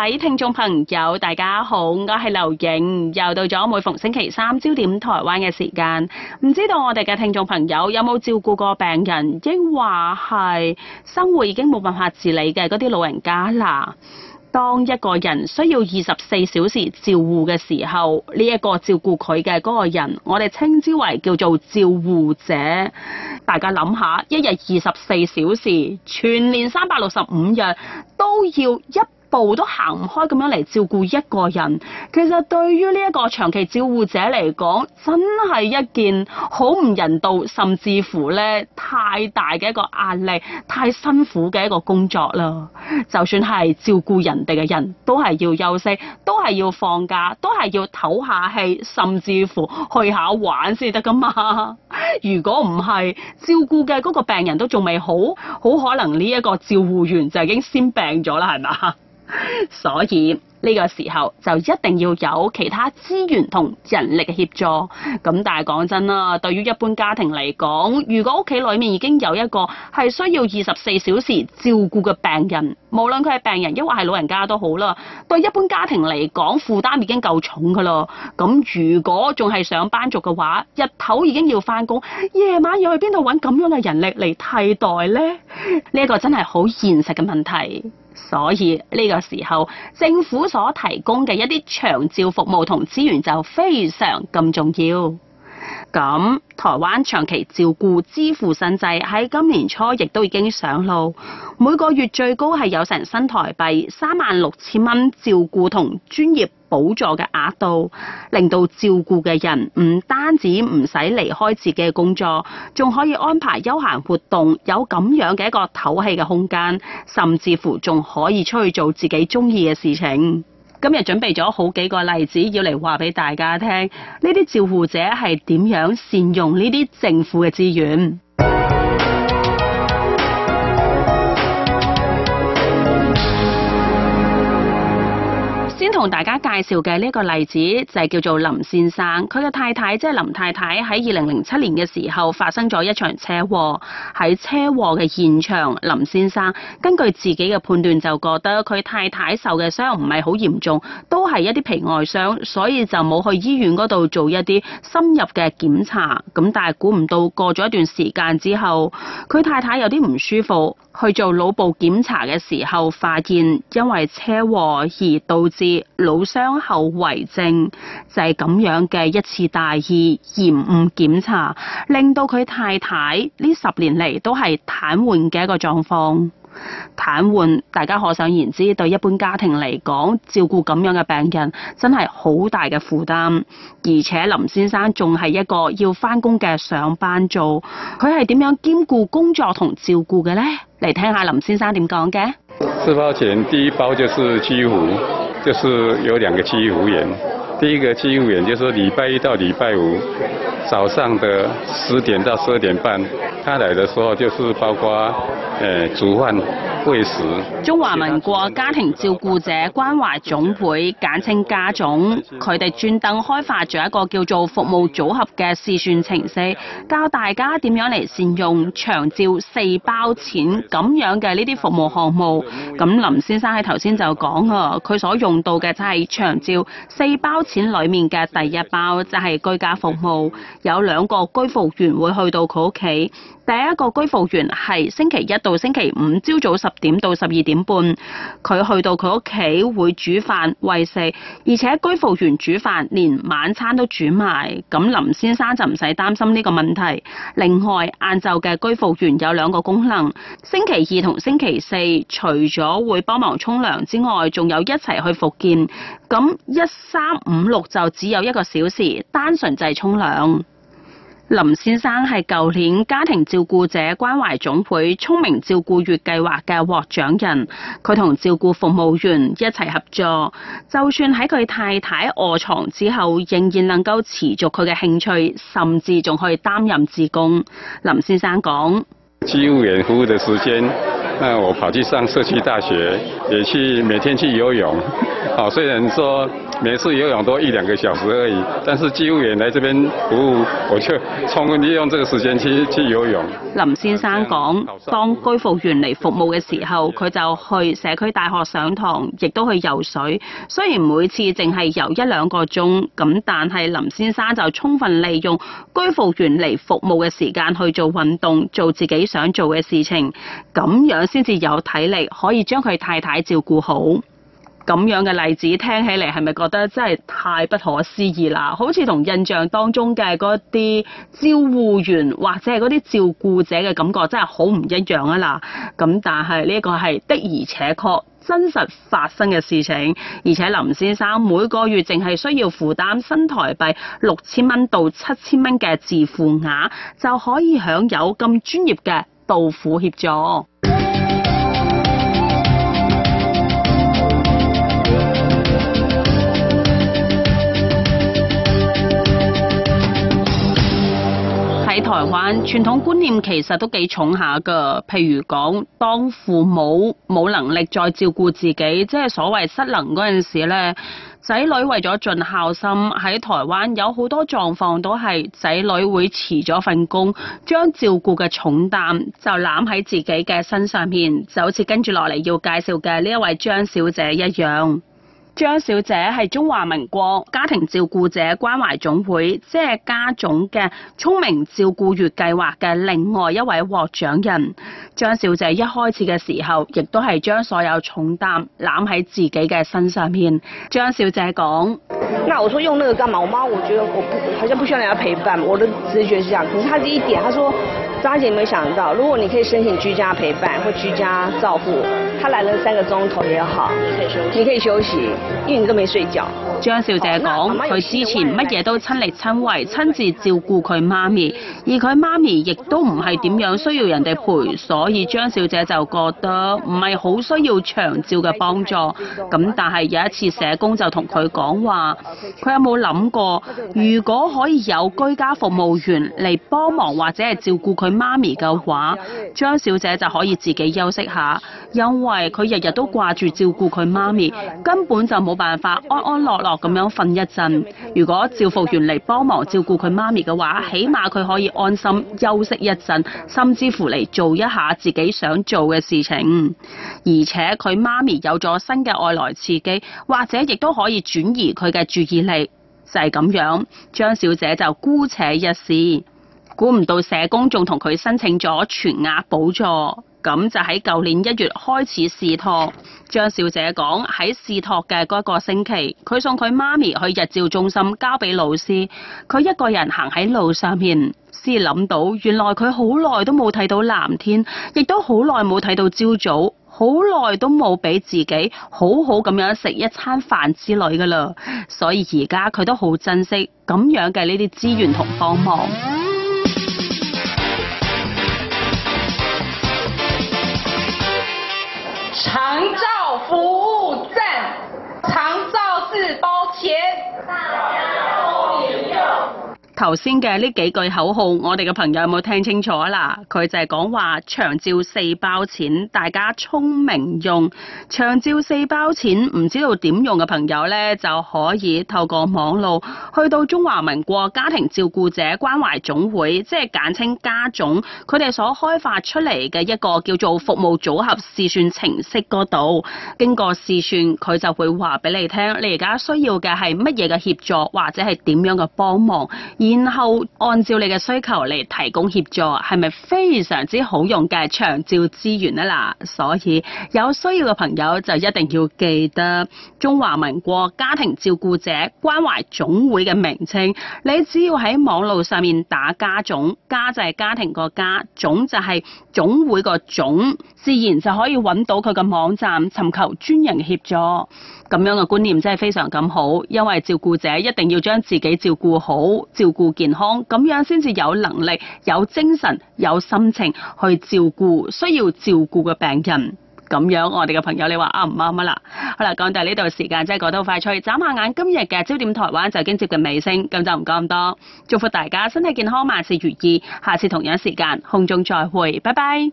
位聽眾朋友，大家好，我係劉穎，又到咗每逢星期三焦點台灣嘅時間。唔知道我哋嘅聽眾朋友有冇照顧過病人，亦話係生活已經冇辦法自理嘅嗰啲老人家啦？當一個人需要二十四小時照顧嘅時候，呢、這、一個照顧佢嘅嗰個人，我哋稱之為叫做照顧者。大家諗下，一日二十四小時，全年三百六十五日，都要一。步都行唔開咁樣嚟照顧一個人，其實對於呢一個長期照顧者嚟講，真係一件好唔人道，甚至乎呢太大嘅一個壓力，太辛苦嘅一個工作啦。就算係照顧人哋嘅人都係要休息，都係要放假，都係要唞下氣，甚至乎去下玩先得噶嘛。如果唔係，照顧嘅嗰個病人都仲未好，好可能呢一個照顧員就已經先病咗啦，係咪？所以呢個時候就一定要有其他資源同人力嘅協助。咁但係講真啦，對於一般家庭嚟講，如果屋企裏面已經有一個係需要二十四小時照顧嘅病人，無論佢係病人，抑或係老人家都好啦，對一般家庭嚟講，負擔已經夠重噶啦。咁如果仲係上班族嘅話，日頭已經要翻工，夜晚要去邊度搵咁樣嘅人力嚟替代呢？呢個真係好現實嘅問題。所以呢個時候，政府所提供嘅一啲長照服務同資源就非常咁重要。咁台灣長期照顧支付新制喺今年初亦都已經上路，每個月最高係有成新台幣三萬六千蚊照顧同專業補助嘅額度，令到照顧嘅人唔單止唔使離開自己嘅工作，仲可以安排休閒活動，有咁樣嘅一個透氣嘅空間，甚至乎仲可以出去做自己中意嘅事情。今日準備咗好幾個例子，要嚟話俾大家聽，呢啲照顧者係點樣善用呢啲政府嘅資源？同大家介紹嘅呢一個例子就係叫做林先生，佢嘅太太即係林太太喺二零零七年嘅時候發生咗一場車禍。喺車禍嘅現場，林先生根據自己嘅判斷就覺得佢太太受嘅傷唔係好嚴重，都係一啲皮外傷，所以就冇去醫院嗰度做一啲深入嘅檢查。咁但係估唔到過咗一段時間之後，佢太太有啲唔舒服，去做腦部檢查嘅時候發現，因為車禍而導致。老傷後遺症就係、是、咁樣嘅一次大意延誤檢查，令到佢太太呢十年嚟都係癱瘓嘅一個狀況。癱瘓，大家可想而知對一般家庭嚟講，照顧咁樣嘅病人真係好大嘅負擔。而且林先生仲係一個要返工嘅上班族，佢係點樣兼顧工作同照顧嘅呢？嚟聽下林先生點講嘅。四包錢，第一包就是支護。就是有兩個居服員，第一個居服員就是禮拜一到禮拜五，早上的十點到十二點半，他來的時候就是包括誒、呃、煮飯。中華民國家庭照顧者關懷總會簡稱家總，佢哋專登開發咗一個叫做服務組合嘅試算程式，教大家點樣嚟善用長照四包錢咁樣嘅呢啲服務項目。咁林先生喺頭先就講啊，佢所用到嘅就係長照四包錢裏面嘅第一包，就係居家服務，有兩個居服員會去到佢屋企。第一個居服員係星期一到星期五朝早十。十點到十二點半，佢去到佢屋企會煮飯餵食，而且居服員煮飯連晚餐都煮埋，咁林先生就唔使擔心呢個問題。另外，晏晝嘅居服員有兩個功能，星期二同星期四除咗會幫忙沖涼之外，仲有一齊去復健。咁一三五六就只有一個小時，單純就係沖涼。林先生係舊年家庭照顧者關懷總會聰明照顧月計劃嘅獲獎人，佢同照顧服務員一齊合作，就算喺佢太太臥床之後，仍然能夠持續佢嘅興趣，甚至仲可以擔任志工。林先生講：，照顧人夫嘅時間。那我跑去上社區大學，也去每天去游泳。好、啊、雖然說每次游泳都一兩個小時而已，但是居服員嚟這邊服務，我就充分利用這個時間去去游泳。林先生講，當居服員嚟服務嘅時候，佢對就去社區大學上堂，亦都去游水。雖然每次淨係游一兩個鐘，咁但係林先生就充分利用居服員嚟服務嘅時間去做運動，做自己想做嘅事情，咁樣。先至有體力可以將佢太太照顧好，咁樣嘅例子聽起嚟係咪覺得真係太不可思議啦？好似同印象當中嘅嗰啲照護員或者係嗰啲照顧者嘅感覺真係好唔一樣啊！嗱，咁但係呢個係的而且確真實發生嘅事情，而且林先生每個月淨係需要負擔新台幣六千蚊到七千蚊嘅自付額就可以享有咁專業嘅到府協助。台灣傳統觀念其實都幾重下㗎，譬如講，當父母冇能力再照顧自己，即係所謂失能嗰陣時呢，仔女為咗盡孝心，喺台灣有好多狀況都係仔女會辭咗份工，將照顧嘅重擔就攬喺自己嘅身上面，就好似跟住落嚟要介紹嘅呢一位張小姐一樣。張小姐係中華民國家庭照顧者關懷總會，即係家總嘅聰明照顧月計劃嘅另外一位獲獎人。張小姐一開始嘅時候，亦都係將所有重擔攬喺自己嘅身上面。張小姐講：那我說用那個幹嘛？我媽，我覺得我不，好像不需要人家陪伴。我的直覺是這樣。可是她這一點她說張姐，你沒想到，如果你可以申請居家陪伴或居家照顧。他來了三個鐘頭也好，你可以休息，休息因為你都沒睡覺。張小姐講，佢、哦、之前乜嘢都親力親為，親自照顧佢媽咪，而佢媽咪亦都唔係點樣需要人哋陪，所以張小姐就覺得唔係好需要長照嘅幫助。咁但係有一次社工就同佢講話，佢有冇諗過，如果可以有居家服務員嚟幫忙或者係照顧佢媽咪嘅話，張小姐就可以自己休息下，因為因為佢日日都掛住照顧佢媽咪，根本就冇辦法安安樂樂咁樣瞓一陣。如果照服員嚟幫忙照顧佢媽咪嘅話，起碼佢可以安心休息一陣，甚至乎嚟做一下自己想做嘅事情。而且佢媽咪有咗新嘅外來刺激，或者亦都可以轉移佢嘅注意力。就係、是、咁樣，張小姐就姑且一試。估唔到社工仲同佢申請咗全額補助。咁就喺舊年一月開始試托，張小姐講喺試托嘅嗰個星期，佢送佢媽咪去日照中心交俾老師，佢一個人行喺路上面，先諗到原來佢好耐都冇睇到藍天，亦都好耐冇睇到朝早，好耐都冇俾自己好好咁樣食一餐飯之類㗎喇。所以而家佢都好珍惜咁樣嘅呢啲資源同幫忙。頭先嘅呢幾句口號，我哋嘅朋友有冇聽清楚啦？佢就係講話長照四包錢，大家聰明用。長照四包錢唔知道點用嘅朋友呢，就可以透過網路去到中華民國家庭照顧者關懷總會，即係簡稱家總，佢哋所開發出嚟嘅一個叫做服務組合試算程式嗰度，經過試算，佢就會話俾你聽，你而家需要嘅係乜嘢嘅協助，或者係點樣嘅幫忙。然後按照你嘅需求嚟提供協助，係咪非常之好用嘅長照資源啊嗱，所以有需要嘅朋友就一定要記得中華民國家庭照顧者關懷總會嘅名稱，你只要喺網路上面打家總，家就係家庭個家，總就係總會個總，自然就可以揾到佢嘅網站，尋求專人協助。咁樣嘅觀念真係非常咁好，因為照顧者一定要將自己照顧好，照顧顧健康，咁樣先至有能力、有精神、有心情去照顧需要照顧嘅病人。咁樣，我哋嘅朋友，你話啱唔啱吖啦？好啦，講到呢度時間真係過得好快趣。眨下眼今日嘅焦點台灣就已經接近尾聲，咁就唔講咁多。祝福大家身體健康，萬事如意。下次同樣時間，空中再會，拜拜。